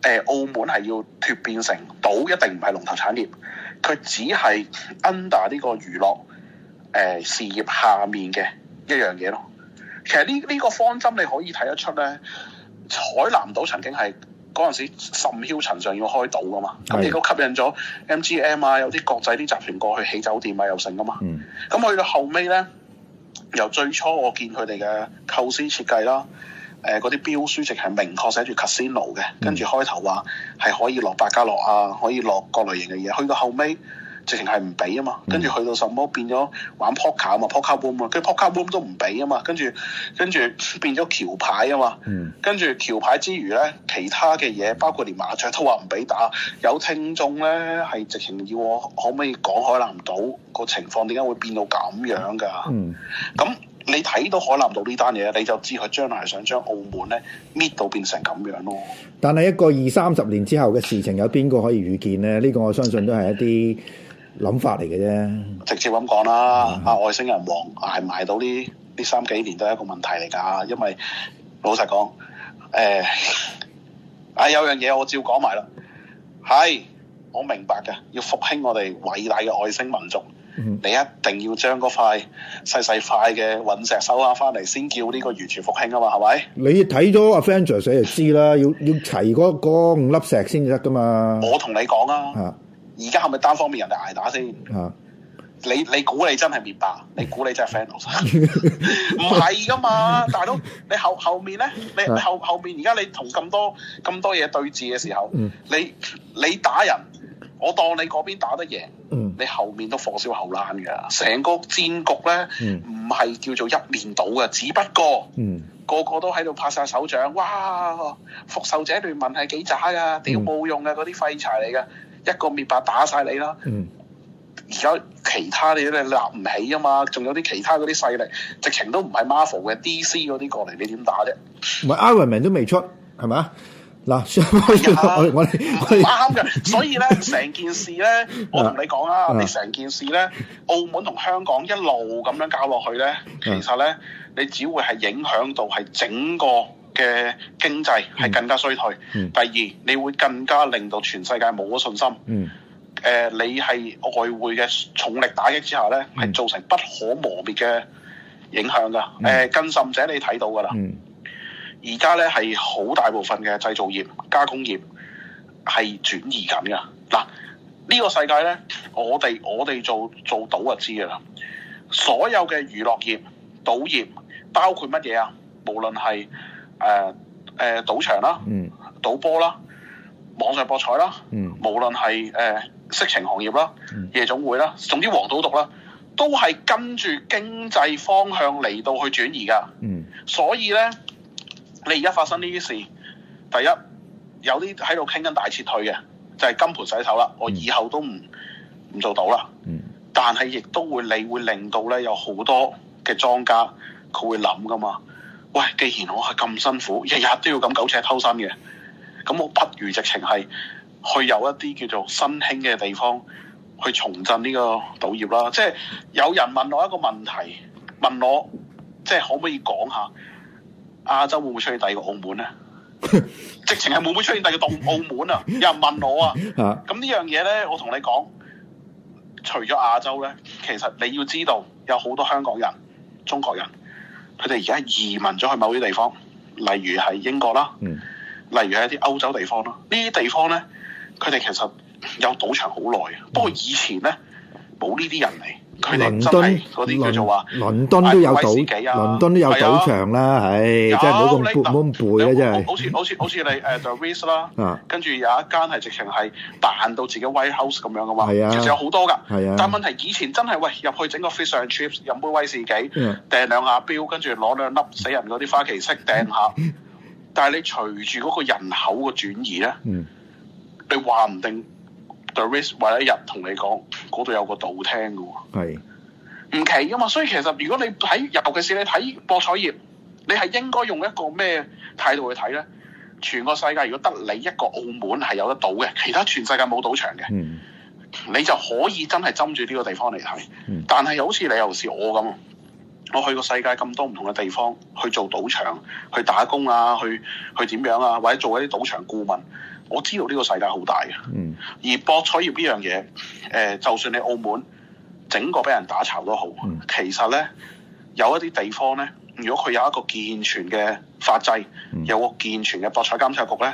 誒澳門係要脫變成島一定唔係龍頭產業，佢只係 under 呢個娛樂誒、呃、事業下面嘅一樣嘢咯。其實呢呢個方針你可以睇得出咧，海南島曾經係。嗰陣時，甚囂塵上要開到㗎嘛，咁亦都吸引咗 MGM 啊，有啲國際啲集團過去起酒店啊，又成㗎嘛。咁、嗯、去到後尾咧，由最初我見佢哋嘅構思設計啦，誒嗰啲標書籍係明確寫住 casino 嘅，嗯、跟住開頭話係可以落百家樂啊，可以落各類型嘅嘢。去到後尾。直情係唔俾啊嘛，跟住去到什麼變咗玩撲、嗯、卡啊嘛，p 撲卡 boom 啊，跟撲卡 boom 都唔俾啊嘛，跟住跟住變咗橋牌啊嘛，嗯、跟住橋牌之餘咧，其他嘅嘢包括連麻雀都話唔俾打，有聽眾咧係直情要我可唔可以講海南島個情況點解會變到咁樣㗎？咁、嗯、你睇到海南島呢單嘢，你就知佢將來係想將澳門咧搣到變成咁樣咯。但係一個二三十年之後嘅事情，有邊個可以預見咧？呢、呢個我相信都係一啲。諗法嚟嘅啫，直接咁講啦。阿、啊、外星人王捱唔捱到呢呢三幾年都係一個問題嚟噶，因為老實講，誒、欸，啊有樣嘢我照講埋啦，係我明白嘅，要復興我哋偉大嘅外星民族，嗯、你一定要將嗰塊細細塊嘅隕石收翻翻嚟，先叫呢個完全復興啊嘛，係咪？你睇咗阿 Avengers 寫就知啦， 要要齊嗰五粒石先得噶嘛。我同你講啊。啊而家係咪單方面人哋挨打先、uh？你你估你真係滅霸？你估你真係 f a n d 唔係噶嘛？大佬。你後後面咧，你後後面而家你同咁多咁多嘢對峙嘅時候，嗯、你你打人，我當你嗰邊打得贏，嗯、你後面都火燒後欄嘅，成個戰局咧唔係叫做一面倒嘅，只不過、嗯、個個都喺度拍晒手掌，哇！復仇者聯盟係幾渣噶？屌冇用嘅嗰啲廢柴嚟嘅。一個滅霸打晒你啦，嗯、而家、其他你咧立唔起啊嘛，仲有啲其他嗰啲勢力，直情都唔係 Marvel 嘅 DC 嗰啲過嚟，你點打啫？唔係 Iron Man 都未出，係咪啊？嗱， 我我我唔啱嘅，所以咧成件事咧，我同你講啦、啊，啊、你成件事咧，澳門同香港一路咁樣搞落去咧，其實咧你只會係影響到係整個。嘅經濟係更加衰退。嗯、第二，你會更加令到全世界冇咗信心。誒、嗯呃，你係外匯嘅重力打擊之下咧，係、嗯、造成不可磨滅嘅影響㗎。誒、嗯，更、呃、甚者你睇到㗎啦。而家咧係好大部分嘅製造業、加工業係轉移緊㗎。嗱，呢、呢個世界咧，我哋我哋做做,做賭就知㗎啦。所有嘅娛樂業、賭業，包括乜嘢啊？無論係誒誒，賭、呃呃、場啦，賭波、嗯、啦，網上博彩啦，嗯、無論係誒色情行業啦，嗯、夜總會啦，總之黃賭毒啦，都係跟住經濟方向嚟到去轉移噶。嗯、所以咧，你而家發生呢啲事，第一有啲喺度傾緊大撤退嘅，就係、是、金盆洗手啦，我以後都唔唔做到啦。嗯嗯、但係亦都會，你會令到咧有好多嘅莊家佢會諗噶嘛。喂，既然我係咁辛苦，日日都要咁苟且偷生嘅，咁我不如直情係去有一啲叫做新興嘅地方去重振呢個賭業啦。即係有人問我一個問題，問我即係可唔可以講下亞洲會唔會出現第二個澳門呢？ 直情係會唔會出現第二個澳澳門啊？有人問我啊，咁呢樣嘢呢，我同你講，除咗亞洲呢，其實你要知道有好多香港人、中國人。佢哋而家移民咗去某啲地方，例如係英國啦，嗯，例如係一啲歐洲地方啦，呢啲地方咧，佢哋其實有賭場好耐，啊，不過以前咧冇呢啲人嚟。佢哋，倫敦嗰啲叫做話，倫敦都有賭幾啊，倫敦都有賭場啦，唉，真係咁背，冇咁背啦，真好似好似好似你誒 The Rise 啦，跟住有一間係直情係扮到自己 White House 咁樣嘅嘛，其實有好多㗎，但係問題以前真係喂入去整個 Fish and Chips，飲杯威士忌，掟兩下錶，跟住攞兩粒死人嗰啲花旗骰掟下。但係你隨住嗰個人口嘅轉移咧，你話唔定。The risk 為一日同你講嗰度有個賭廳嘅，係唔奇嘅嘛。所以其實如果你睇尤其是，你睇博彩業，你係應該用一個咩態度去睇咧？全個世界如果得你一個澳門係有得賭嘅，其他全世界冇賭場嘅，嗯、你就可以真係針住呢個地方嚟睇。嗯、但係好似你又是我咁，我去過世界咁多唔同嘅地方去做賭場，去打工啊、去去點樣啊，或者做一啲賭場顧問。我知道呢個世界好大嘅，嗯、而博彩業呢樣嘢，誒、呃，就算你澳門整個俾人打巢都好，嗯、其實咧有一啲地方咧，如果佢有一個健全嘅法制，嗯、有個健全嘅博彩監察局咧，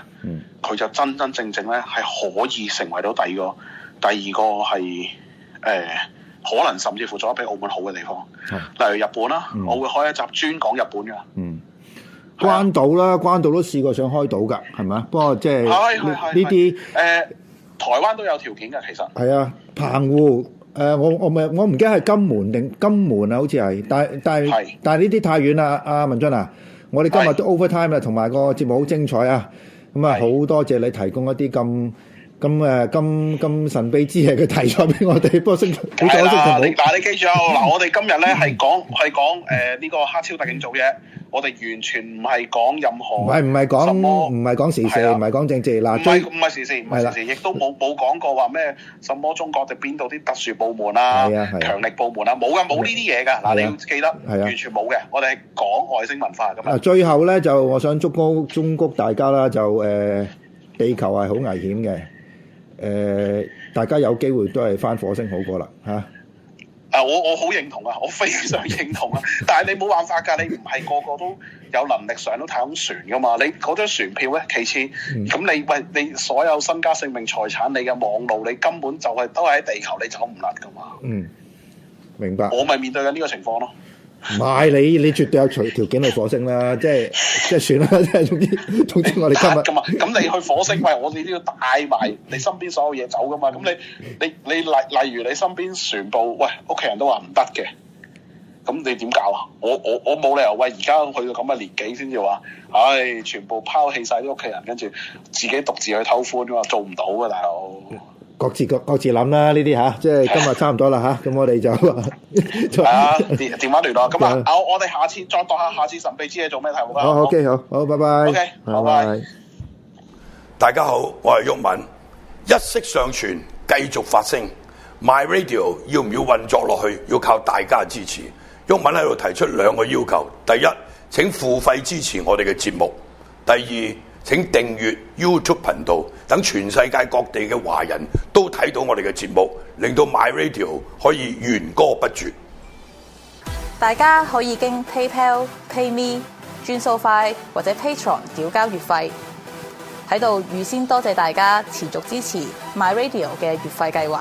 佢、嗯、就真真正正咧係可以成為到第二個，第二個係誒、呃、可能甚至乎做得比澳門好嘅地方，嗯、例如日本啦、啊，嗯、我會開一集專講日本㗎。嗯關島啦，關島都試過想開島㗎，係咪啊？不過即係呢啲，誒些、呃、台灣都有條件㗎，其實係啊，澎湖誒、呃、我我唔係我唔記得係金門定金門啊，好似係，但係但係是但係呢啲太遠啦，阿、啊、文俊啊，我哋今日都 overtime 啦，同埋個節目好精彩啊，咁啊好多謝你提供一啲咁。咁誒咁咁神秘之嘢佢提咗俾我哋，不過好可惜。嗱你記住啊，嗱我哋今日咧係講係講誒呢個黑超特警組嘅，我哋完全唔係講任何，唔係唔係講唔係講時事，唔係講政治。嗱唔係唔係時事，唔係時事，亦都冇冇講過話咩什麼中國就邊度啲特殊部門啊、強力部門啊，冇噶，冇呢啲嘢噶。嗱你記得，完全冇嘅。我哋係講外星文化咁啊。最後咧就我想忠告忠告大家啦，就誒地球係好危險嘅。誒、呃，大家有機會都係返火星好過啦嚇！啊，啊我我好認同啊，我非常認同啊！ 但係你冇辦法㗎，你唔係個個都有能力上到太空船㗎嘛？你嗰張船票咧，其次，咁你喂你所有身家性命財產，你嘅網路，你根本就係、係、都喺地球，你走唔甩㗎嘛？嗯，明白。我咪面對緊呢個情況咯、啊。唔係你，你絕對有條條件去火星啦，即係即係算啦，即係總之總之我哋今日咁咁，咁 你去火星喂，我哋都要帶埋你身邊所有嘢走噶嘛，咁你你你例例如你身邊全部喂屋企人都話唔得嘅，咁你點搞啊？我我我冇理由喂而家去到咁嘅年紀先至話，唉、哎，全部拋棄晒啲屋企人，跟住自己獨自去偷歡啊嘛，做唔到噶大佬。各自各各自諗啦，呢啲吓，即係今日差唔多啦吓，咁我哋就係啊，電話聯絡咁啊，好，我哋下次再度下，下次神秘之嘢做咩題目？好，好嘅，好好、okay，拜拜，好，拜拜。大家好，我係毓民。一息尚存，繼續發聲。My Radio 要唔要運作落去？要靠大家支持。毓民喺度提出兩個要求：第一，請付費支持我哋嘅節目；第二。請訂閱 YouTube 頻道，等全世界各地嘅華人都睇到我哋嘅節目，令到 My Radio 可以弦歌不絕。大家可以經 PayPal、PayMe 轉數快，或者 Patreon 繳交月費。喺度預先多謝大家持續支持 My Radio 嘅月費計劃。